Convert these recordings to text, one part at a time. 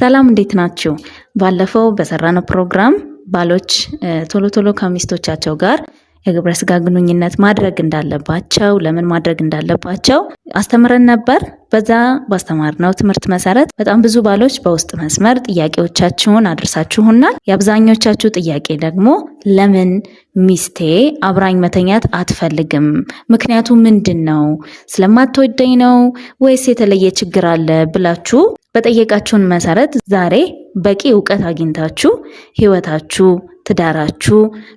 ሰላም እንዴት ናችሁ? ባለፈው በሰራነው ፕሮግራም ባሎች ቶሎ ቶሎ ከሚስቶቻቸው ጋር የግብረ ስጋ ግንኙነት ማድረግ እንዳለባቸው ለምን ማድረግ እንዳለባቸው አስተምረን ነበር። በዛ ባስተማርነው ትምህርት መሰረት በጣም ብዙ ባሎች በውስጥ መስመር ጥያቄዎቻችሁን አድርሳችሁናል። የአብዛኞቻችሁ ጥያቄ ደግሞ ለምን ሚስቴ አብራኝ መተኛት አትፈልግም? ምክንያቱ ምንድን ነው? ስለማትወደኝ ነው ወይስ የተለየ ችግር አለ ብላችሁ በጠየቃችሁን መሰረት ዛሬ በቂ እውቀት አግኝታችሁ ህይወታችሁ ትዳራችሁ፣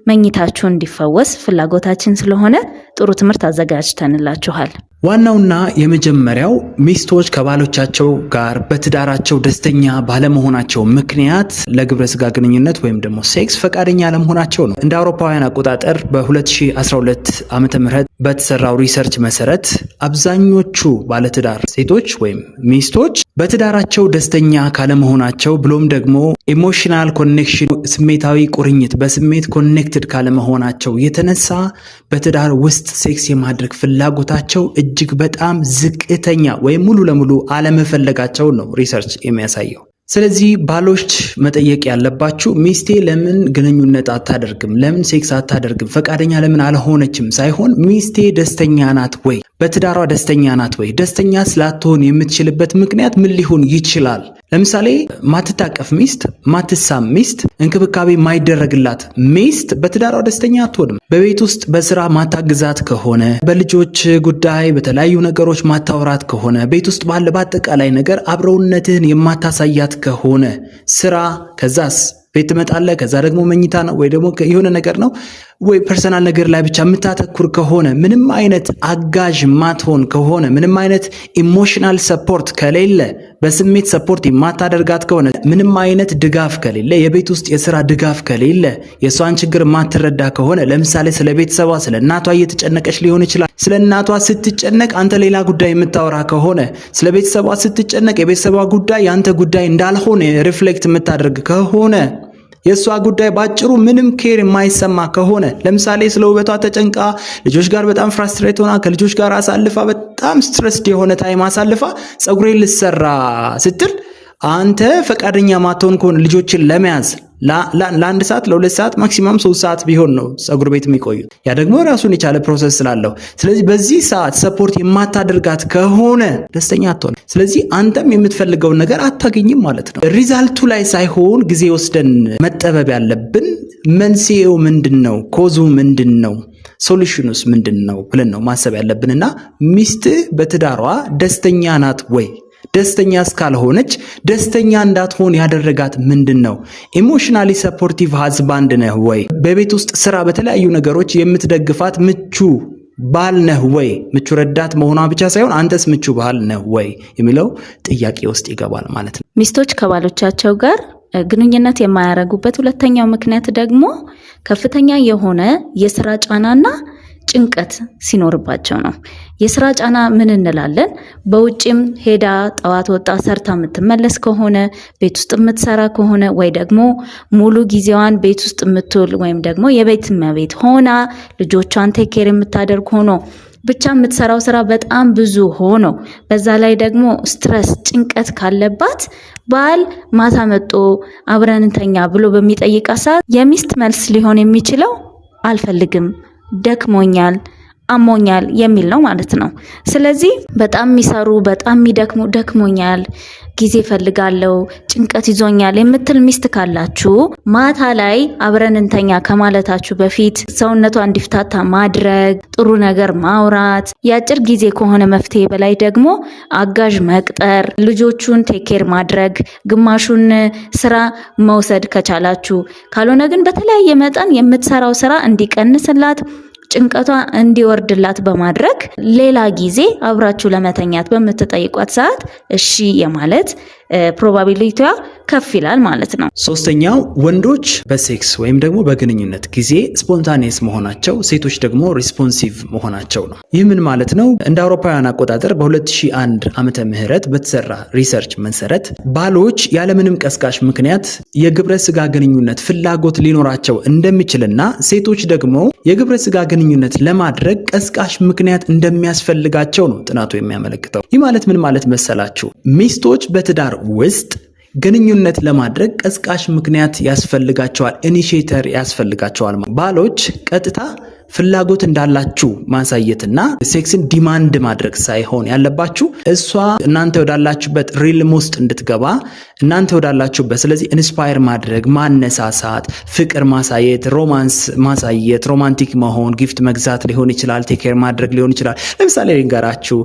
መኝታችሁ እንዲፈወስ ፍላጎታችን ስለሆነ ጥሩ ትምህርት አዘጋጅተንላችኋል። ዋናውና የመጀመሪያው ሚስቶች ከባሎቻቸው ጋር በትዳራቸው ደስተኛ ባለመሆናቸው ምክንያት ለግብረ ስጋ ግንኙነት ወይም ደግሞ ሴክስ ፈቃደኛ አለመሆናቸው ነው። እንደ አውሮፓውያን አቆጣጠር በ2012 ዓ ም በተሰራው ሪሰርች መሰረት አብዛኞቹ ባለትዳር ሴቶች ወይም ሚስቶች በትዳራቸው ደስተኛ ካለመሆናቸው ብሎም ደግሞ ኢሞሽናል ኮኔክሽን ስሜታዊ ቁርኝት በስሜት ኮኔክትድ ካለመሆናቸው የተነሳ በትዳር ውስጥ ሴክስ የማድረግ ፍላጎታቸው እጅግ በጣም ዝቅተኛ ወይም ሙሉ ለሙሉ አለመፈለጋቸው ነው ሪሰርች የሚያሳየው። ስለዚህ ባሎች መጠየቅ ያለባችሁ ሚስቴ ለምን ግንኙነት አታደርግም? ለምን ሴክስ አታደርግም? ፈቃደኛ ለምን አልሆነችም? ሳይሆን ሚስቴ ደስተኛ ናት ወይ? በትዳሯ ደስተኛ ናት ወይ? ደስተኛ ስላትሆን የምትችልበት ምክንያት ምን ሊሆን ይችላል? ለምሳሌ ማትታቀፍ ሚስት፣ ማትሳም ሚስት፣ እንክብካቤ ማይደረግላት ሚስት በትዳሯ ደስተኛ አትሆንም። በቤት ውስጥ በስራ ማታግዛት ከሆነ፣ በልጆች ጉዳይ በተለያዩ ነገሮች ማታወራት ከሆነ፣ ቤት ውስጥ ባለ በአጠቃላይ ነገር አብረውነትህን የማታሳያት ከሆነ ስራ ከዛስ ቤት ትመጣለህ፣ ከዛ ደግሞ መኝታ ነው ወይ ደግሞ የሆነ ነገር ነው ወይ ፐርሰናል ነገር ላይ ብቻ የምታተኩር ከሆነ ምንም አይነት አጋዥ ማትሆን ከሆነ ምንም አይነት ኢሞሽናል ሰፖርት ከሌለ በስሜት ሰፖርት የማታደርጋት ከሆነ ምንም አይነት ድጋፍ ከሌለ የቤት ውስጥ የስራ ድጋፍ ከሌለ የእሷን ችግር ማትረዳ ከሆነ ለምሳሌ ስለ ቤተሰቧ ስለ እናቷ እየተጨነቀች ሊሆን ይችላል። ስለ እናቷ ስትጨነቅ አንተ ሌላ ጉዳይ የምታወራ ከሆነ ስለ ቤተሰቧ ስትጨነቅ የቤተሰቧ ጉዳይ የአንተ ጉዳይ እንዳልሆነ ሪፍሌክት የምታደርግ ከሆነ የእሷ ጉዳይ ባጭሩ ምንም ኬር የማይሰማ ከሆነ ለምሳሌ ስለ ውበቷ ተጨንቃ ልጆች ጋር በጣም ፍራስትሬት ሆና ከልጆች ጋር አሳልፋ በጣም ስትረስድ የሆነ ታይም አሳልፋ ፀጉሬን ልሰራ ስትል አንተ ፈቃደኛ ማትሆን ከሆነ ልጆችን ለመያዝ ለአንድ ሰዓት ለሁለት ሰዓት ማክሲማም ሶስት ሰዓት ቢሆን ነው ጸጉር ቤት የሚቆዩት። ያ ደግሞ ራሱን የቻለ ፕሮሰስ ስላለው፣ ስለዚህ በዚህ ሰዓት ሰፖርት የማታደርጋት ከሆነ ደስተኛ አትሆን። ስለዚህ አንተም የምትፈልገውን ነገር አታገኝም ማለት ነው። ሪዛልቱ ላይ ሳይሆን ጊዜ ወስደን መጠበብ ያለብን መንስኤው ምንድን ነው? ኮዙ ምንድን ነው? ሶሉሽኑስ ምንድን ነው ብለን ነው ማሰብ ያለብንና ሚስትህ በትዳሯ ደስተኛ ናት ወይ ደስተኛ እስካልሆነች ደስተኛ እንዳትሆን ያደረጋት ምንድን ነው? ኢሞሽናሊ ሰፖርቲቭ ሀዝባንድ ነህ ወይ? በቤት ውስጥ ስራ፣ በተለያዩ ነገሮች የምትደግፋት ምቹ ባል ነህ ወይ? ምቹ ረዳት መሆኗ ብቻ ሳይሆን አንተስ ምቹ ባል ነህ ወይ የሚለው ጥያቄ ውስጥ ይገባል ማለት ነው። ሚስቶች ከባሎቻቸው ጋር ግንኙነት የማያደርጉበት ሁለተኛው ምክንያት ደግሞ ከፍተኛ የሆነ የስራ ጫናና ጭንቀት ሲኖርባቸው ነው። የስራ ጫና ምን እንላለን? በውጭም ሄዳ ጠዋት ወጣ ሰርታ የምትመለስ ከሆነ ቤት ውስጥ የምትሰራ ከሆነ ወይ ደግሞ ሙሉ ጊዜዋን ቤት ውስጥ የምትውል ወይም ደግሞ የቤት እመቤት ሆና ልጆቿን ቴኬር የምታደርግ ሆኖ ብቻ የምትሰራው ስራ በጣም ብዙ ሆኖ በዛ ላይ ደግሞ ስትረስ ጭንቀት ካለባት ባል ማታ መጦ አብረን እንተኛ ብሎ በሚጠይቃት ሰዓት የሚስት መልስ ሊሆን የሚችለው አልፈልግም ደክሞኛል አሞኛል የሚል ነው ማለት ነው። ስለዚህ በጣም የሚሰሩ በጣም የሚደክሙ ደክሞኛል፣ ጊዜ ፈልጋለው ጭንቀት ይዞኛል የምትል ሚስት ካላችሁ ማታ ላይ አብረን እንተኛ ከማለታችሁ በፊት ሰውነቷ እንዲፍታታ ማድረግ፣ ጥሩ ነገር ማውራት፣ የአጭር ጊዜ ከሆነ መፍትሄ በላይ ደግሞ አጋዥ መቅጠር፣ ልጆቹን ቴኬር ማድረግ፣ ግማሹን ስራ መውሰድ ከቻላችሁ፣ ካልሆነ ግን በተለያየ መጠን የምትሰራው ስራ እንዲቀንስላት ጭንቀቷ እንዲወርድላት በማድረግ ሌላ ጊዜ አብራችሁ ለመተኛት በምትጠይቋት ሰዓት እሺ የማለት ፕሮባቢሊቲዋ ከፍ ይላል ማለት ነው። ሶስተኛው ወንዶች በሴክስ ወይም ደግሞ በግንኙነት ጊዜ ስፖንታኔስ መሆናቸው፣ ሴቶች ደግሞ ሪስፖንሲቭ መሆናቸው ነው። ይህ ምን ማለት ነው? እንደ አውሮፓውያን አቆጣጠር በ2001 ዓመተ ምህረት በተሰራ ሪሰርች መሰረት ባሎች ያለምንም ቀስቃሽ ምክንያት የግብረ ስጋ ግንኙነት ፍላጎት ሊኖራቸው እንደሚችልና ሴቶች ደግሞ የግብረ ስጋ ግንኙነት ለማድረግ ቀስቃሽ ምክንያት እንደሚያስፈልጋቸው ነው ጥናቱ የሚያመለክተው። ይህ ማለት ምን ማለት መሰላችሁ? ሚስቶች በትዳር ውስጥ ግንኙነት ለማድረግ ቀስቃሽ ምክንያት ያስፈልጋቸዋል፣ ኢኒሼተር ያስፈልጋቸዋል። ባሎች ቀጥታ ፍላጎት እንዳላችሁ ማሳየትና ሴክስን ዲማንድ ማድረግ ሳይሆን ያለባችሁ እሷ እናንተ ወዳላችሁበት ሪልም ውስጥ እንድትገባ እናንተ ወዳላችሁበት፣ ስለዚህ ኢንስፓየር ማድረግ፣ ማነሳሳት፣ ፍቅር ማሳየት፣ ሮማንስ ማሳየት፣ ሮማንቲክ መሆን፣ ጊፍት መግዛት ሊሆን ይችላል፣ ቴኬር ማድረግ ሊሆን ይችላል። ለምሳሌ ልንገራችሁ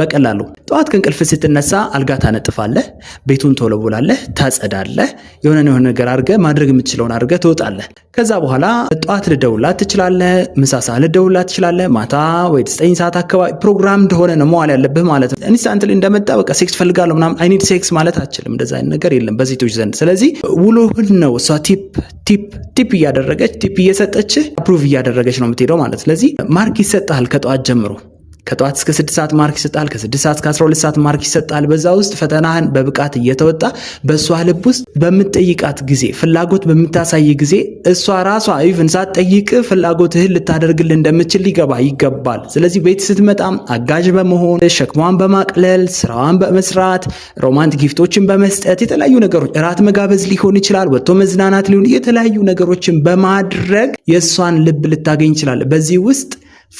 በቀላሉ ጠዋት ከእንቅልፍ ስትነሳ አልጋ ታነጥፋለህ፣ ቤቱን ቶሎ ብላለህ፣ ታጸዳለህ፣ የሆነ የሆነ ነገር አድርገህ ማድረግ የምትችለውን አድርገህ ትወጣለህ። ከዛ በኋላ ጠዋት ልደውላት ትችላለህ። ምሳ ሰዓት ልደውልላት ትችላለህ። ማታ ወይ ዘጠኝ ሰዓት አካባቢ ፕሮግራም እንደሆነ ነው መዋል ያለብህ ማለት ነው። ኢንስታንት ላይ እንደመጣ በቃ ሴክስ ፈልጋለሁ ምናምን አይኒድ ሴክስ ማለት አችልም። እንደዛ አይነት ነገር የለም በሴቶች ዘንድ። ስለዚህ ውሎህን ነው እሷ ቲፕ ቲፕ ቲፕ እያደረገች ቲፕ እየሰጠችህ አፕሩቭ እያደረገች ነው የምትሄደው ማለት። ስለዚህ ማርክ ይሰጠሃል ከጠዋት ጀምሮ ከጠዋት እስከ 6 ሰዓት ማርክ ይሰጣል። ከ6 ሰዓት እስከ 12 ሰዓት ማርክ ይሰጣል። በዛ ውስጥ ፈተናህን በብቃት እየተወጣ በእሷ ልብ ውስጥ በምትጠይቃት ጊዜ ፍላጎት በምታሳይ ጊዜ እሷ ራሷ ኢቭን ሳትጠይቅ ፍላጎትህን ልታደርግል እንደምችል ሊገባ ይገባል። ስለዚህ ቤት ስትመጣም አጋዥ በመሆን ሸክሟን በማቅለል ስራዋን በመስራት ሮማንቲክ ጊፍቶችን በመስጠት የተለያዩ ነገሮች እራት መጋበዝ ሊሆን ይችላል፣ ወጥቶ መዝናናት ሊሆን የተለያዩ ነገሮችን በማድረግ የእሷን ልብ ልታገኝ ይችላል። በዚህ ውስጥ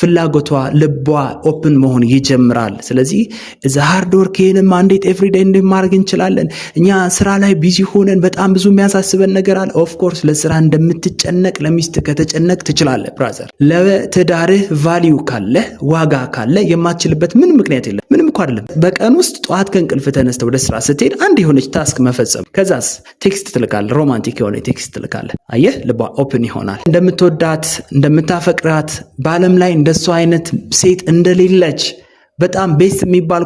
ፍላጎቷ ልቧ ኦፕን መሆን ይጀምራል። ስለዚህ እዚ ሃርድ ወርክ ይህንም አንዴት ኤቭሪዴይ ማድረግ እንችላለን። እኛ ስራ ላይ ቢዚ ሆነን በጣም ብዙ የሚያሳስበን ነገር አለ። ኦፍኮርስ ለስራ እንደምትጨነቅ ለሚስት ከተጨነቅ ትችላለ። ብራዘር ለትዳርህ ቫሊዩ ካለ ዋጋ ካለ የማትችልበት ምን ምክንያት የለም። ምንም እኮ አይደለም። በቀን ውስጥ ጠዋት ከእንቅልፍ ተነስተ ወደ ስራ ስትሄድ አንድ የሆነች ታስክ መፈጸም፣ ከዛስ ቴክስት ትልካለ። ሮማንቲክ የሆነ ቴክስት ትልካለ። አየህ ልቧ ኦፕን ይሆናል። እንደምትወዳት እንደምታፈቅራት በአለም ላይ እንደሱ አይነት ሴት እንደሌለች በጣም ቤስት የሚባል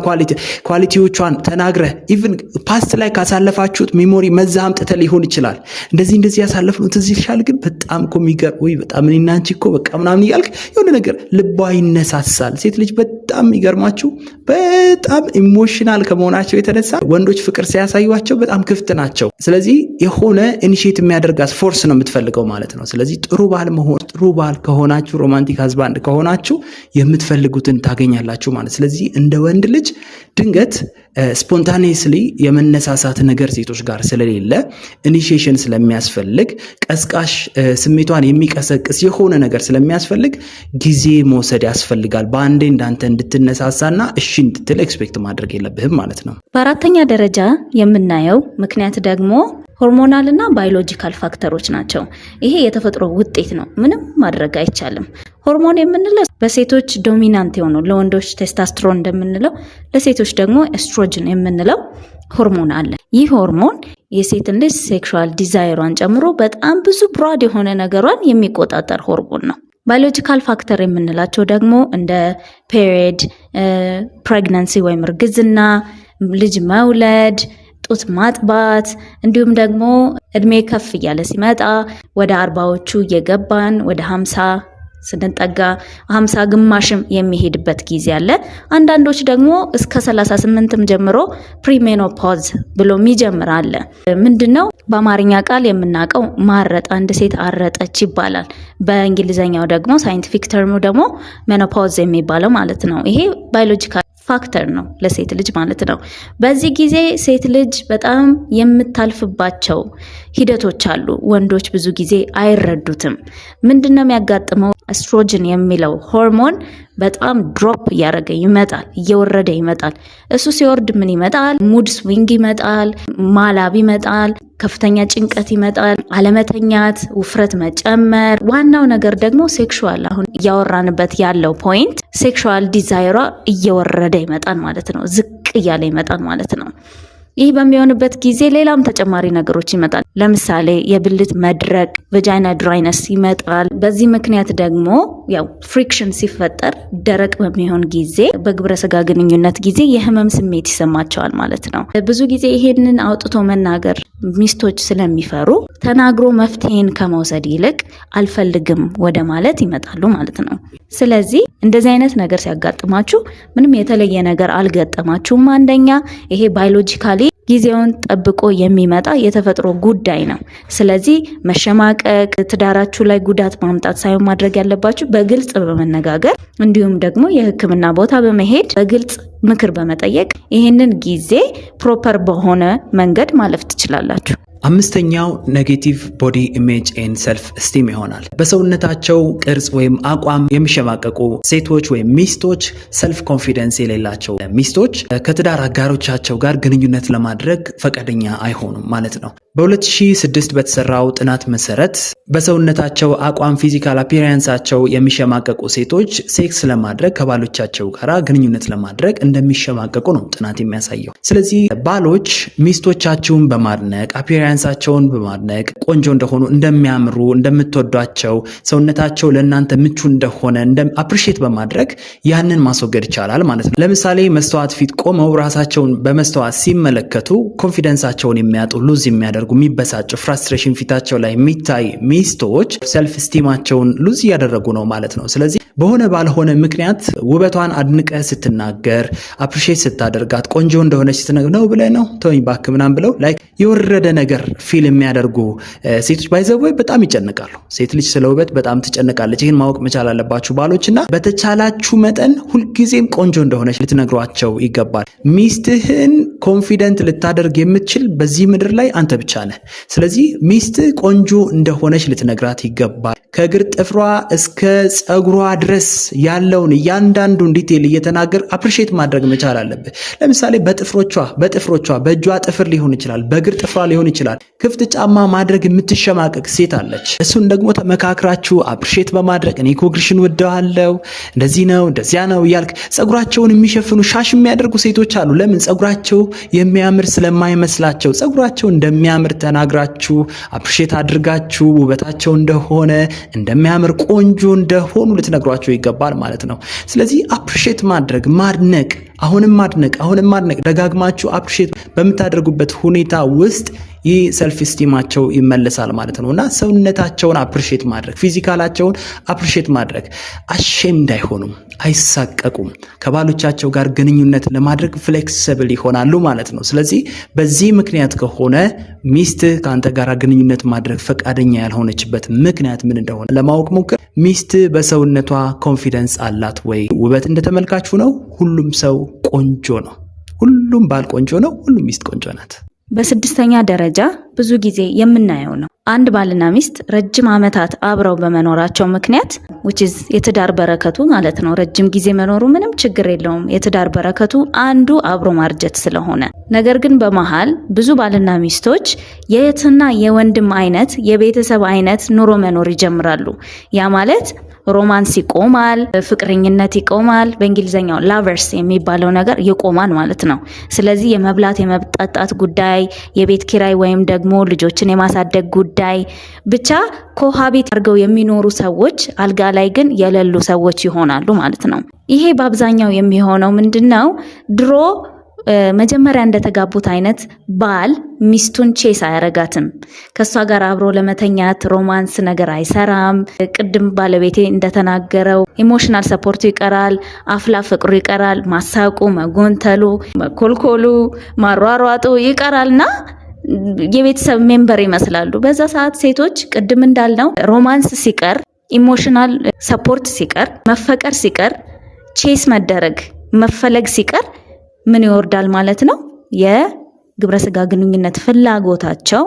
ኳሊቲዎቿን ተናግረህ ኢቭን ፓስት ላይ ካሳለፋችሁት ሜሞሪ መዛ አምጥተህ ሊሆን ይችላል። እንደዚህ እንደዚህ ያሳለፍነው ትዝ ይልሻል፣ ግን በጣም እኮ የሚገርም ወይ በጣም እኔና አንቺ እኮ በቃ ምናምን እያልክ የሆነ ነገር ልቧ ይነሳሳል። ሴት ልጅ በጣም የሚገርማችሁ በጣም ኢሞሽናል ከመሆናቸው የተነሳ ወንዶች ፍቅር ሲያሳዩቸው በጣም ክፍት ናቸው። ስለዚህ የሆነ ኢኒሽት የሚያደርጋት ፎርስ ነው የምትፈልገው ማለት ነው። ስለዚህ ጥሩ ባል መሆን ጥሩ ባል ከሆናችሁ ሮማንቲክ ሀዝባንድ ከሆናችሁ የምትፈልጉትን ታገኛላችሁ ማለት ነው። ስለዚህ እንደ ወንድ ልጅ ድንገት ስፖንታኔስሊ የመነሳሳት ነገር ሴቶች ጋር ስለሌለ ኢኒሽሽን ስለሚያስፈልግ ቀስቃሽ ስሜቷን የሚቀሰቅስ የሆነ ነገር ስለሚያስፈልግ ጊዜ መውሰድ ያስፈልጋል። በአንዴ እንዳንተ እንድትነሳሳና እሺ እንድትል ኤክስፔክት ማድረግ የለብህም ማለት ነው። በአራተኛ ደረጃ የምናየው ምክንያት ደግሞ ሆርሞናል እና ባዮሎጂካል ፋክተሮች ናቸው። ይሄ የተፈጥሮ ውጤት ነው፣ ምንም ማድረግ አይቻልም። ሆርሞን የምንለው በሴቶች ዶሚናንት የሆነው ለወንዶች ቴስታስትሮን እንደምንለው ለሴቶች ደግሞ ኤስትሮጅን የምንለው ሆርሞን አለ። ይህ ሆርሞን የሴትን ልጅ ሴክሹዋል ዲዛይሯን ጨምሮ በጣም ብዙ ብሯድ የሆነ ነገሯን የሚቆጣጠር ሆርሞን ነው። ባዮሎጂካል ፋክተር የምንላቸው ደግሞ እንደ ፔሪድ፣ ፕሬግናንሲ ወይም እርግዝና፣ ልጅ መውለድ ጡት ማጥባት እንዲሁም ደግሞ እድሜ ከፍ እያለ ሲመጣ ወደ አርባዎቹ እየገባን ወደ ሀምሳ ስንጠጋ ሀምሳ ግማሽም የሚሄድበት ጊዜ አለ። አንዳንዶች ደግሞ እስከ 38ም ጀምሮ ፕሪሜኖፖዝ ብሎ የሚጀምር አለ። ምንድን ነው በአማርኛ ቃል የምናውቀው ማረጥ፣ አንድ ሴት አረጠች ይባላል። በእንግሊዝኛው ደግሞ ሳይንቲፊክ ተርሙ ደግሞ ሜኖፖዝ የሚባለው ማለት ነው። ይሄ ባዮሎጂካል ፋክተር ነው ለሴት ልጅ ማለት ነው። በዚህ ጊዜ ሴት ልጅ በጣም የምታልፍባቸው ሂደቶች አሉ። ወንዶች ብዙ ጊዜ አይረዱትም። ምንድን ነው የሚያጋጥመው? እስትሮጅን የሚለው ሆርሞን በጣም ድሮፕ እያደረገ ይመጣል፣ እየወረደ ይመጣል። እሱ ሲወርድ ምን ይመጣል? ሙድ ስዊንግ ይመጣል፣ ማላብ ይመጣል፣ ከፍተኛ ጭንቀት ይመጣል፣ አለመተኛት፣ ውፍረት መጨመር። ዋናው ነገር ደግሞ ሴክሹዋል፣ አሁን እያወራንበት ያለው ፖይንት ሴክሹዋል ዲዛይሯ እየወረደ ይመጣል ማለት ነው። ዝቅ እያለ ይመጣል ማለት ነው። ይህ በሚሆንበት ጊዜ ሌላም ተጨማሪ ነገሮች ይመጣል። ለምሳሌ የብልት መድረቅ ቫጃይና ድራይነስ ይመጣል። በዚህ ምክንያት ደግሞ ያው ፍሪክሽን ሲፈጠር ደረቅ በሚሆን ጊዜ በግብረ ስጋ ግንኙነት ጊዜ የህመም ስሜት ይሰማቸዋል ማለት ነው። ብዙ ጊዜ ይሄንን አውጥቶ መናገር ሚስቶች ስለሚፈሩ ተናግሮ መፍትሄን ከመውሰድ ይልቅ አልፈልግም ወደ ማለት ይመጣሉ ማለት ነው። ስለዚህ እንደዚህ አይነት ነገር ሲያጋጥማችሁ ምንም የተለየ ነገር አልገጠማችሁም። አንደኛ ይሄ ባዮሎጂካሊ ጊዜውን ጠብቆ የሚመጣ የተፈጥሮ ጉዳይ ነው። ስለዚህ መሸማቀቅ፣ ትዳራችሁ ላይ ጉዳት ማምጣት ሳይሆን ማድረግ ያለባችሁ በግልጽ በመነጋገር እንዲሁም ደግሞ የሕክምና ቦታ በመሄድ በግልጽ ምክር በመጠየቅ ይህንን ጊዜ ፕሮፐር በሆነ መንገድ ማለፍ ትችላላችሁ። አምስተኛው ኔጌቲቭ ቦዲ ኢሜጅ ኤን ሰልፍ ስቲም ይሆናል። በሰውነታቸው ቅርጽ ወይም አቋም የሚሸማቀቁ ሴቶች ወይም ሚስቶች ሰልፍ ኮንፊደንስ የሌላቸው ሚስቶች ከትዳር አጋሮቻቸው ጋር ግንኙነት ለማድረግ ፈቃደኛ አይሆኑም ማለት ነው። በ2006 በተሰራው ጥናት መሰረት በሰውነታቸው አቋም ፊዚካል አፒሪያንሳቸው የሚሸማቀቁ ሴቶች ሴክስ ለማድረግ ከባሎቻቸው ጋር ግንኙነት ለማድረግ እንደሚሸማቀቁ ነው ጥናት የሚያሳየው። ስለዚህ ባሎች ሚስቶቻችሁን በማድነቅ አፒራንሳቸውን በማድነቅ ቆንጆ እንደሆኑ እንደሚያምሩ እንደምትወዷቸው ሰውነታቸው ለእናንተ ምቹ እንደሆነ አፕሪሼት በማድረግ ያንን ማስወገድ ይቻላል ማለት ነው። ለምሳሌ መስተዋት ፊት ቆመው ራሳቸውን በመስተዋት ሲመለከቱ ኮንፊደንሳቸውን የሚያጡ ሉዝ የሚያደርጉ የሚበሳጩ ፍራስትሬሽን ፊታቸው ላይ የሚታይ ሚስቶች ሰልፍ ስቲማቸውን ሉዝ እያደረጉ ነው ማለት ነው። ስለዚህ በሆነ ባልሆነ ምክንያት ውበቷን አድንቀህ ስትናገር አፕሪሼት ስታደርጋት ቆንጆ እንደሆነች ስትነግር ነው ብለህ ነው ተወኝ እባክህ ምናምን ብለው ላይ የወረደ ነገር ፊል የሚያደርጉ ሴቶች ባይዘው በጣም ይጨንቃሉ። ሴት ልጅ ስለ ውበት በጣም ትጨንቃለች። ይህን ማወቅ መቻል አለባችሁ ባሎች እና በተቻላችሁ መጠን ሁልጊዜም ቆንጆ እንደሆነች ልትነግሯቸው ይገባል። ሚስትህን ኮንፊደንት ልታደርግ የምትችል በዚህ ምድር ላይ አንተ ብቻ ነህ። ስለዚህ ሚስትህ ቆንጆ እንደሆነች ልትነግራት ይገባል። ከእግር ጥፍሯ እስከ ፀጉሯ ድረስ ያለውን እያንዳንዱን ዲቴል እየተናገር አፕሪሼት ማድረግ መቻል አለብህ። ለምሳሌ በጥፍሮቿ በጥፍሮቿ በእጇ ጥፍር ሊሆን ይችላል፣ በእግር ጥፍሯ ሊሆን ይችላል። ክፍት ጫማ ማድረግ የምትሸማቀቅ ሴት አለች። እሱን ደግሞ ተመካክራችሁ አፕሪሼት በማድረግ እኔ ኮግሪሽን ወደዋለው እንደዚህ ነው እንደዚያ ነው እያልክ ፀጉራቸውን የሚሸፍኑ ሻሽ የሚያደርጉ ሴቶች አሉ። ለምን ፀጉራቸው የሚያምር ስለማይመስላቸው፣ ፀጉራቸው እንደሚያምር ተናግራችሁ አፕሪሼት አድርጋችሁ ውበታቸው እንደሆነ እንደሚያምር ቆንጆ እንደሆኑ ልትነግሯቸው ይገባል ማለት ነው። ስለዚህ አፕሪሼት ማድረግ ማድነቅ፣ አሁንም ማድነቅ፣ አሁንም ማድነቅ ደጋግማችሁ አፕሪሼት በምታደርጉበት ሁኔታ ውስጥ ይህ ሰልፍ ስቲማቸው ይመለሳል ማለት ነው እና ሰውነታቸውን አፕሪሼት ማድረግ ፊዚካላቸውን አፕሪሼት ማድረግ አሼምድ አይሆኑም፣ አይሳቀቁም። ከባሎቻቸው ጋር ግንኙነት ለማድረግ ፍሌክስብል ይሆናሉ ማለት ነው። ስለዚህ በዚህ ምክንያት ከሆነ ሚስት ከአንተ ጋር ግንኙነት ማድረግ ፈቃደኛ ያልሆነችበት ምክንያት ምን እንደሆነ ለማወቅ ሞክር። ሚስት በሰውነቷ ኮንፊደንስ አላት ወይ? ውበት እንደተመልካችሁ ነው? ሁሉም ሰው ቆንጆ ነው። ሁሉም ባል ቆንጆ ነው። ሁሉም ሚስት ቆንጆ ናት። በስድስተኛ ደረጃ ብዙ ጊዜ የምናየው ነው። አንድ ባልና ሚስት ረጅም ዓመታት አብረው በመኖራቸው ምክንያት which የትዳር በረከቱ ማለት ነው። ረጅም ጊዜ መኖሩ ምንም ችግር የለውም። የትዳር በረከቱ አንዱ አብሮ ማርጀት ስለሆነ። ነገር ግን በመሃል ብዙ ባልና ሚስቶች የእህትና የወንድም አይነት የቤተሰብ አይነት ኑሮ መኖር ይጀምራሉ። ያ ማለት ሮማንስ ይቆማል፣ ፍቅረኝነት ይቆማል። በእንግሊዝኛው ላቨርስ የሚባለው ነገር ይቆማል ማለት ነው። ስለዚህ የመብላት የመጠጣት ጉዳይ፣ የቤት ኪራይ ወይም ደግሞ ደግሞ ልጆችን የማሳደግ ጉዳይ ብቻ ኮሃቢት አድርገው የሚኖሩ ሰዎች አልጋ ላይ ግን የሌሉ ሰዎች ይሆናሉ ማለት ነው። ይሄ በአብዛኛው የሚሆነው ምንድን ነው? ድሮ መጀመሪያ እንደተጋቡት አይነት ባል ሚስቱን ቼስ አያረጋትም። ከእሷ ጋር አብሮ ለመተኛት ሮማንስ ነገር አይሰራም። ቅድም ባለቤቴ እንደተናገረው ኢሞሽናል ሰፖርቱ ይቀራል፣ አፍላ ፍቅሩ ይቀራል፣ ማሳቁ፣ መጎንተሉ፣ መኮልኮሉ፣ ማሯሯጡ ይቀራልና የቤተሰብ ሜምበር ይመስላሉ። በዛ ሰዓት ሴቶች ቅድም እንዳልነው ሮማንስ ሲቀር፣ ኢሞሽናል ሰፖርት ሲቀር፣ መፈቀር ሲቀር፣ ቼስ መደረግ መፈለግ ሲቀር ምን ይወርዳል ማለት ነው? የግብረ ስጋ ግንኙነት ፍላጎታቸው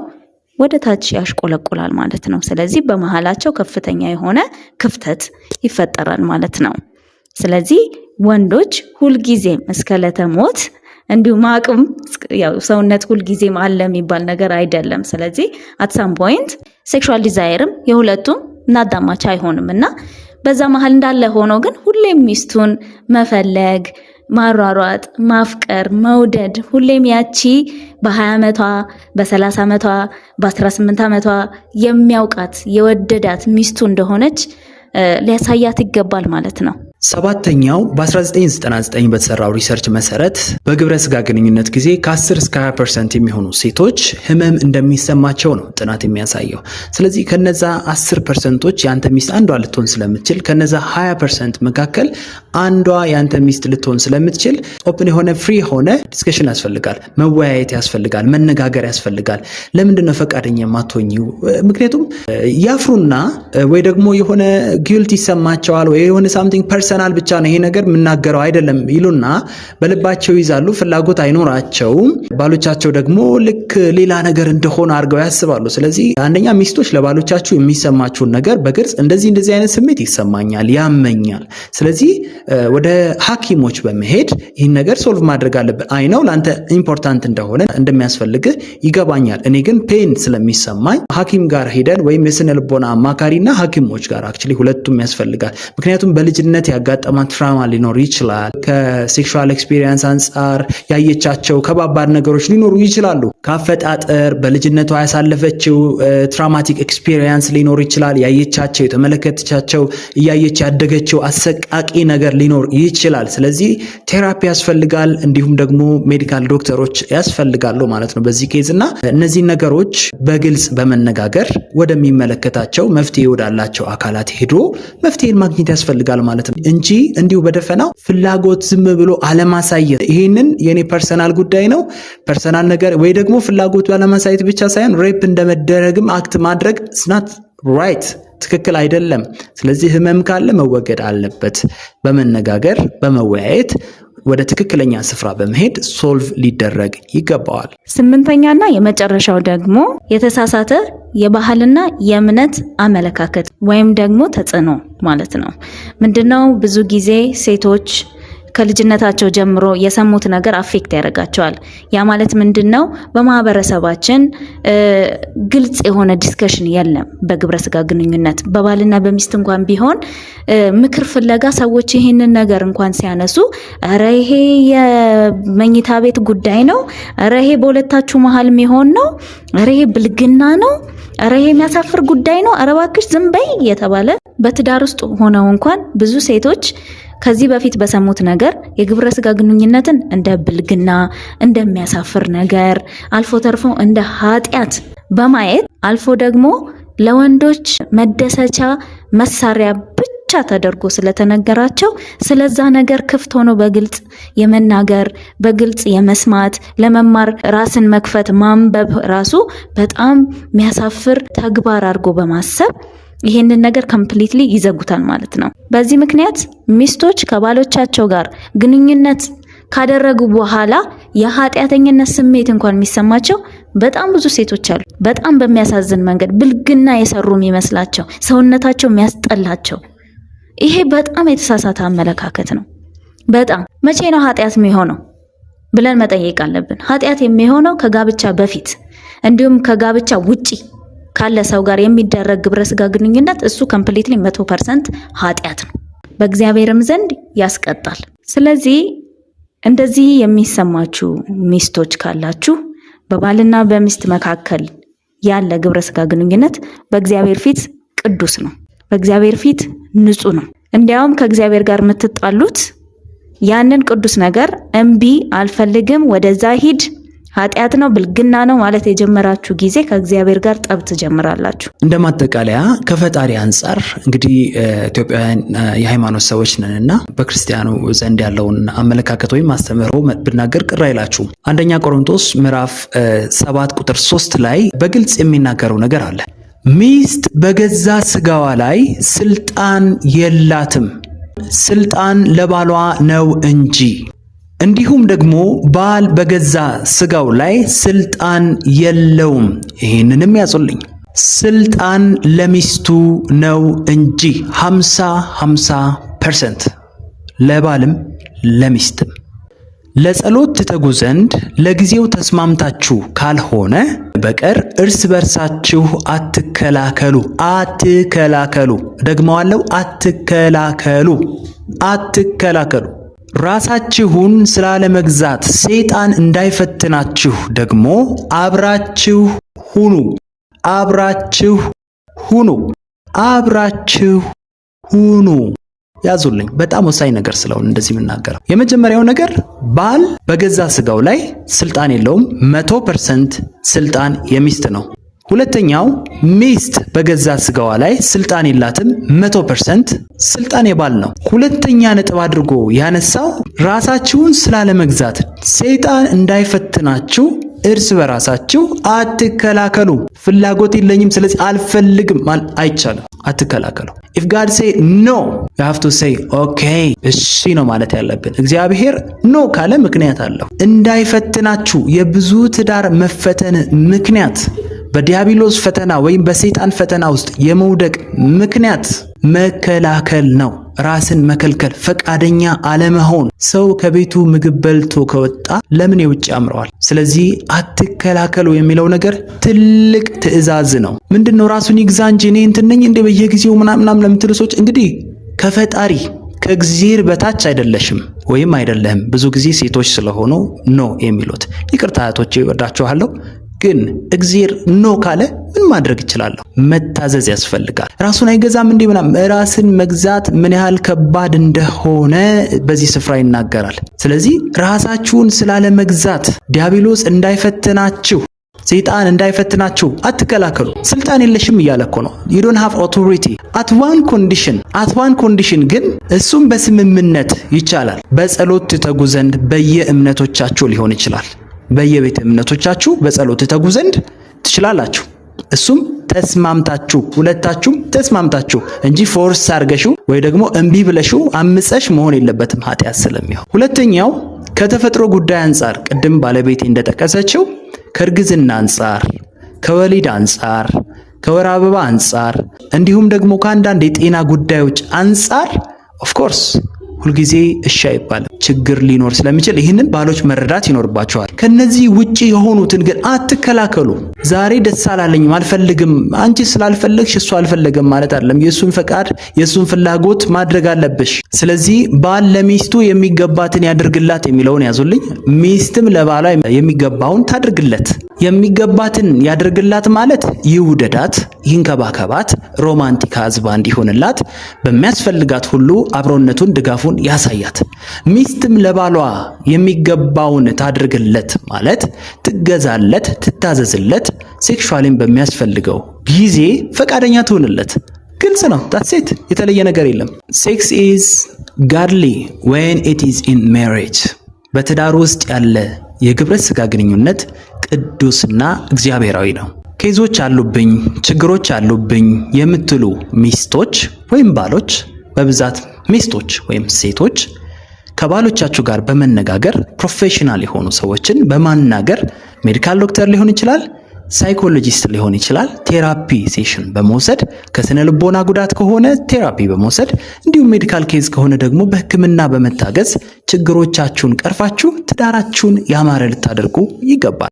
ወደ ታች ያሽቆለቁላል ማለት ነው። ስለዚህ በመሀላቸው ከፍተኛ የሆነ ክፍተት ይፈጠራል ማለት ነው። ስለዚህ ወንዶች ሁልጊዜም እስከ ዕለተ ሞት እንዲሁም አቅም ያው ሰውነት ሁልጊዜም አለ የሚባል ነገር አይደለም። ስለዚህ አት ሳም ፖይንት ሴክሹዋል ዲዛይርም የሁለቱም እናዳማች አይሆንም እና በዛ መሀል እንዳለ ሆኖ ግን ሁሌም ሚስቱን መፈለግ ማሯሯጥ፣ ማፍቀር፣ መውደድ ሁሌም ያቺ በ20 ዓመቷ በ30 ዓመቷ በ18 ዓመቷ የሚያውቃት የወደዳት ሚስቱ እንደሆነች ሊያሳያት ይገባል ማለት ነው። ሰባተኛው በ1999 በተሰራው ሪሰርች መሰረት በግብረ ስጋ ግንኙነት ጊዜ ከ10 እስከ 20 ፐርሰንት የሚሆኑ ሴቶች ህመም እንደሚሰማቸው ነው ጥናት የሚያሳየው። ስለዚህ ከነዛ 10 ፐርሰንቶች የአንተ ሚስት አንዷ ልትሆን ስለምትችል ከነዛ 20 ፐርሰንት መካከል አንዷ የአንተ ሚስት ልትሆን ስለምትችል ኦፕን የሆነ ፍሪ የሆነ ዲስከሽን ያስፈልጋል፣ መወያየት ያስፈልጋል፣ መነጋገር ያስፈልጋል። ለምንድን ነው ፈቃደኛ የማትሆኝው? ምክንያቱም ያፍሩና ወይ ደግሞ የሆነ ጊልት ይሰማቸዋል ወይ የሆነ ሳምቲንግ ፐርሰን ደርሰናል ብቻ ነው ይሄ ነገር የምናገረው አይደለም ይሉና በልባቸው ይዛሉ። ፍላጎት አይኖራቸውም። ባሎቻቸው ደግሞ ልክ ሌላ ነገር እንደሆነ አድርገው ያስባሉ። ስለዚህ አንደኛ ሚስቶች ለባሎቻችሁ የሚሰማችሁን ነገር በግልጽ እንደዚህ እንደዚህ አይነት ስሜት ይሰማኛል፣ ያመኛል። ስለዚህ ወደ ሐኪሞች በመሄድ ይህን ነገር ሶልቭ ማድረግ አለብን። አይ ነው ለአንተ ኢምፖርታንት እንደሆነ እንደሚያስፈልግህ ይገባኛል። እኔ ግን ፔን ስለሚሰማኝ ሐኪም ጋር ሄደን ወይም የስነ ልቦና አማካሪና ሐኪሞች ጋር አክቹዋሊ ሁለቱም ያስፈልጋል። ምክንያቱም በልጅነት ያጋጠማት ትራማ ሊኖር ይችላል። ከሴክሹዋል ኤክስፒሪየንስ አንጻር ያየቻቸው ከባባድ ነገሮች ሊኖሩ ይችላሉ። ከአፈጣጠር በልጅነቷ ያሳለፈችው ትራማቲክ ኤክስፒሪየንስ ሊኖር ይችላል። ያየቻቸው፣ የተመለከተቻቸው፣ እያየች ያደገችው አሰቃቂ ነገር ሊኖር ይችላል። ስለዚህ ቴራፒ ያስፈልጋል፣ እንዲሁም ደግሞ ሜዲካል ዶክተሮች ያስፈልጋሉ ማለት ነው በዚህ ኬዝ እና እነዚህ ነገሮች በግልጽ በመነጋገር ወደሚመለከታቸው መፍትሄ ወዳላቸው አካላት ሄዶ መፍትሄን ማግኘት ያስፈልጋል ማለት ነው። እንጂ እንዲሁ በደፈናው ፍላጎት ዝም ብሎ አለማሳየት፣ ይህንን የኔ ፐርሰናል ጉዳይ ነው ፐርሰናል ነገር ወይ ደግሞ ፍላጎቱ አለማሳየት ብቻ ሳይሆን ሬፕ እንደመደረግም አክት ማድረግ ስናት ራይት ትክክል አይደለም። ስለዚህ ህመም ካለ መወገድ አለበት በመነጋገር በመወያየት ወደ ትክክለኛ ስፍራ በመሄድ ሶልቭ ሊደረግ ይገባዋል። ስምንተኛና የመጨረሻው ደግሞ የተሳሳተ የባህልና የእምነት አመለካከት ወይም ደግሞ ተጽዕኖ ማለት ነው። ምንድነው ብዙ ጊዜ ሴቶች ከልጅነታቸው ጀምሮ የሰሙት ነገር አፌክት ያደርጋቸዋል። ያ ማለት ምንድን ነው? በማህበረሰባችን ግልጽ የሆነ ዲስከሽን የለም በግብረ ስጋ ግንኙነት በባልና በሚስት እንኳን ቢሆን ምክር ፍለጋ ሰዎች ይህንን ነገር እንኳን ሲያነሱ ኧረ ይሄ የመኝታ ቤት ጉዳይ ነው፣ ኧረ ይሄ በሁለታችሁ መሀል የሚሆን ነው፣ ኧረ ይሄ ብልግና ነው፣ ኧረ ይሄ የሚያሳፍር ጉዳይ ነው፣ ኧረ እባክሽ ዝም በይ የተባለ በትዳር ውስጥ ሆነው እንኳን ብዙ ሴቶች ከዚህ በፊት በሰሙት ነገር የግብረ ስጋ ግንኙነትን እንደ ብልግና እንደሚያሳፍር ነገር አልፎ ተርፎ እንደ ኃጢአት በማየት አልፎ ደግሞ ለወንዶች መደሰቻ መሳሪያ ብቻ ተደርጎ ስለተነገራቸው ስለዛ ነገር ክፍት ሆኖ በግልጽ የመናገር በግልጽ የመስማት ለመማር ራስን መክፈት ማንበብ ራሱ በጣም የሚያሳፍር ተግባር አድርጎ በማሰብ ይሄንን ነገር ኮምፕሊትሊ ይዘጉታል ማለት ነው። በዚህ ምክንያት ሚስቶች ከባሎቻቸው ጋር ግንኙነት ካደረጉ በኋላ የኃጢአተኝነት ስሜት እንኳን የሚሰማቸው በጣም ብዙ ሴቶች አሉ። በጣም በሚያሳዝን መንገድ ብልግና የሰሩ የሚመስላቸው ሰውነታቸው የሚያስጠላቸው፣ ይሄ በጣም የተሳሳተ አመለካከት ነው። በጣም መቼ ነው ኃጢአት የሚሆነው ብለን መጠየቅ አለብን። ኃጢአት የሚሆነው ከጋብቻ በፊት እንዲሁም ከጋብቻ ውጪ ካለ ሰው ጋር የሚደረግ ግብረ ስጋ ግንኙነት እሱ ኮምፕሊትሊ መቶ ፐርሰንት ኃጢአት ነው፣ በእግዚአብሔርም ዘንድ ያስቀጣል። ስለዚህ እንደዚህ የሚሰማችሁ ሚስቶች ካላችሁ በባልና በሚስት መካከል ያለ ግብረ ስጋ ግንኙነት በእግዚአብሔር ፊት ቅዱስ ነው፣ በእግዚአብሔር ፊት ንጹህ ነው። እንዲያውም ከእግዚአብሔር ጋር የምትጣሉት ያንን ቅዱስ ነገር እምቢ፣ አልፈልግም፣ ወደዛ ሂድ ኃጢአት ነው ብልግና ነው ማለት የጀመራችሁ ጊዜ ከእግዚአብሔር ጋር ጠብ ትጀምራላችሁ። እንደ ማጠቃለያ ከፈጣሪ አንጻር እንግዲህ ኢትዮጵያውያን የሃይማኖት ሰዎች ነን እና በክርስቲያኑ ዘንድ ያለውን አመለካከት ወይም አስተምህሮ ብናገር ቅር አይላችሁም። አንደኛ ቆሮንቶስ ምዕራፍ ሰባት ቁጥር ሶስት ላይ በግልጽ የሚናገረው ነገር አለ። ሚስት በገዛ ስጋዋ ላይ ስልጣን የላትም፣ ስልጣን ለባሏ ነው እንጂ እንዲሁም ደግሞ ባል በገዛ ስጋው ላይ ስልጣን የለውም። ይህንንም ያዙልኝ። ስልጣን ለሚስቱ ነው እንጂ 50 50 ፐርሰንት ለባልም ለሚስትም። ለጸሎት ትተጉ ዘንድ ለጊዜው ተስማምታችሁ ካልሆነ በቀር እርስ በርሳችሁ አትከላከሉ። አትከላከሉ፣ ደግመዋለሁ፣ አትከላከሉ፣ አትከላከሉ ራሳችሁን ስላለመግዛት ሰይጣን እንዳይፈትናችሁ ደግሞ አብራችሁ ሁኑ፣ አብራችሁ ሁኑ፣ አብራችሁ ሁኑ። ያዙልኝ። በጣም ወሳኝ ነገር ስለሆነ እንደዚህ የምናገረው የመጀመሪያው ነገር ባል በገዛ ስጋው ላይ ስልጣን የለውም። መቶ ፐርሰንት ስልጣን የሚስት ነው። ሁለተኛው ሚስት በገዛ ስጋዋ ላይ ስልጣን የላትም፣ መቶ ፐርሰንት ስልጣን የባል ነው። ሁለተኛ ነጥብ አድርጎ ያነሳው ራሳችሁን ስላለመግዛት ሰይጣን እንዳይፈትናችሁ እርስ በራሳችሁ አትከላከሉ። ፍላጎት የለኝም ስለዚህ አልፈልግም ማለት አይቻልም። አትከላከሉ። ኢፍ ጋድ ሴ ኖ ሀፍቱ ሴ ኦኬ፣ እሺ ነው ማለት ያለብን። እግዚአብሔር ኖ ካለ ምክንያት አለው። እንዳይፈትናችሁ የብዙ ትዳር መፈተን ምክንያት በዲያብሎስ ፈተና ወይም በሰይጣን ፈተና ውስጥ የመውደቅ ምክንያት መከላከል ነው። ራስን መከልከል፣ ፈቃደኛ አለመሆን። ሰው ከቤቱ ምግብ በልቶ ከወጣ ለምን የውጭ ያምረዋል? ስለዚህ አትከላከሉ የሚለው ነገር ትልቅ ትዕዛዝ ነው። ምንድን ነው? ራሱን ይግዛ እንጂ እኔ እንትን ነኝ እንደ በየጊዜው ምናምናም ለምትሉ ሰዎች እንግዲህ ከፈጣሪ ከእግዚአብሔር በታች አይደለሽም ወይም አይደለህም። ብዙ ጊዜ ሴቶች ስለሆኑ ነው የሚሉት። ይቅርታ እህቶቼ፣ ወዳችኋለሁ። ግን እግዜር ኖ ካለ ምን ማድረግ እችላለሁ? መታዘዝ ያስፈልጋል። ራሱን አይገዛም እንዲህ ምናምን ራስን መግዛት ምን ያህል ከባድ እንደሆነ በዚህ ስፍራ ይናገራል። ስለዚህ ራሳችሁን ስላለመግዛት ዲያብሎስ እንዳይፈትናችሁ ሰይጣን እንዳይፈትናችሁ አትከላከሉ። ስልጣን የለሽም እያለ እኮ ነው። ዩ ዶንት ሃቭ ኦቶሪቲ አት ዋን ኮንዲሽን አት ዋን ኮንዲሽን ግን እሱም በስምምነት ይቻላል። በጸሎት ትተጉ ዘንድ በየእምነቶቻችሁ ሊሆን ይችላል። በየቤተ እምነቶቻችሁ በጸሎት ተጉ ዘንድ ትችላላችሁ። እሱም ተስማምታችሁ ሁለታችሁም ተስማምታችሁ እንጂ ፎርስ አርገሽው ወይ ደግሞ እምቢ ብለሽው አምፀሽ መሆን የለበትም ኃጢአት ስለሚሆን። ሁለተኛው ከተፈጥሮ ጉዳይ አንጻር ቅድም ባለቤቴ እንደጠቀሰችው ከእርግዝና አንጻር፣ ከወሊድ አንጻር፣ ከወር አበባ አንጻር እንዲሁም ደግሞ ከአንዳንድ የጤና ጉዳዮች አንጻር ኦፍኮርስ ሁልጊዜ እሺ አይባልም። ችግር ሊኖር ስለሚችል ይህንን ባሎች መረዳት ይኖርባቸዋል። ከነዚህ ውጪ የሆኑትን ግን አትከላከሉ። ዛሬ ደስ አላለኝም አልፈልግም፣ አንቺ ስላልፈለግሽ እሱ አልፈለገም ማለት አይደለም። የእሱን ፈቃድ የእሱን ፍላጎት ማድረግ አለብሽ። ስለዚህ ባል ለሚስቱ የሚገባትን ያድርግላት የሚለውን ያዙልኝ፣ ሚስትም ለባሏ የሚገባውን ታድርግለት። የሚገባትን ያደርግላት ማለት ይውደዳት፣ ይንከባከባት፣ ሮማንቲክ አዝባ እንዲሆንላት በሚያስፈልጋት ሁሉ አብሮነቱን፣ ድጋፉን ያሳያት። ሚስትም ለባሏ የሚገባውን ታድርግለት ማለት ትገዛለት፣ ትታዘዝለት፣ ሴክሹዋሊን በሚያስፈልገው ጊዜ ፈቃደኛ ትሆንለት። ግልጽ ነው። ሴት የተለየ ነገር የለም። ሴክስ ኢዝ ጋድሊ ዌን ኢት ኢዝ ኢን ሜሪጅ። በትዳር ውስጥ ያለ የግብረ ስጋ ግንኙነት ቅዱስና እግዚአብሔራዊ ነው። ኬዞች አሉብኝ፣ ችግሮች አሉብኝ የምትሉ ሚስቶች ወይም ባሎች፣ በብዛት ሚስቶች ወይም ሴቶች ከባሎቻችሁ ጋር በመነጋገር ፕሮፌሽናል የሆኑ ሰዎችን በማናገር ሜዲካል ዶክተር ሊሆን ይችላል፣ ሳይኮሎጂስት ሊሆን ይችላል። ቴራፒ ሴሽን በመውሰድ ከስነ ልቦና ጉዳት ከሆነ ቴራፒ በመውሰድ እንዲሁም ሜዲካል ኬዝ ከሆነ ደግሞ በሕክምና በመታገዝ ችግሮቻችሁን ቀርፋችሁ ትዳራችሁን ያማረ ልታደርጉ ይገባል።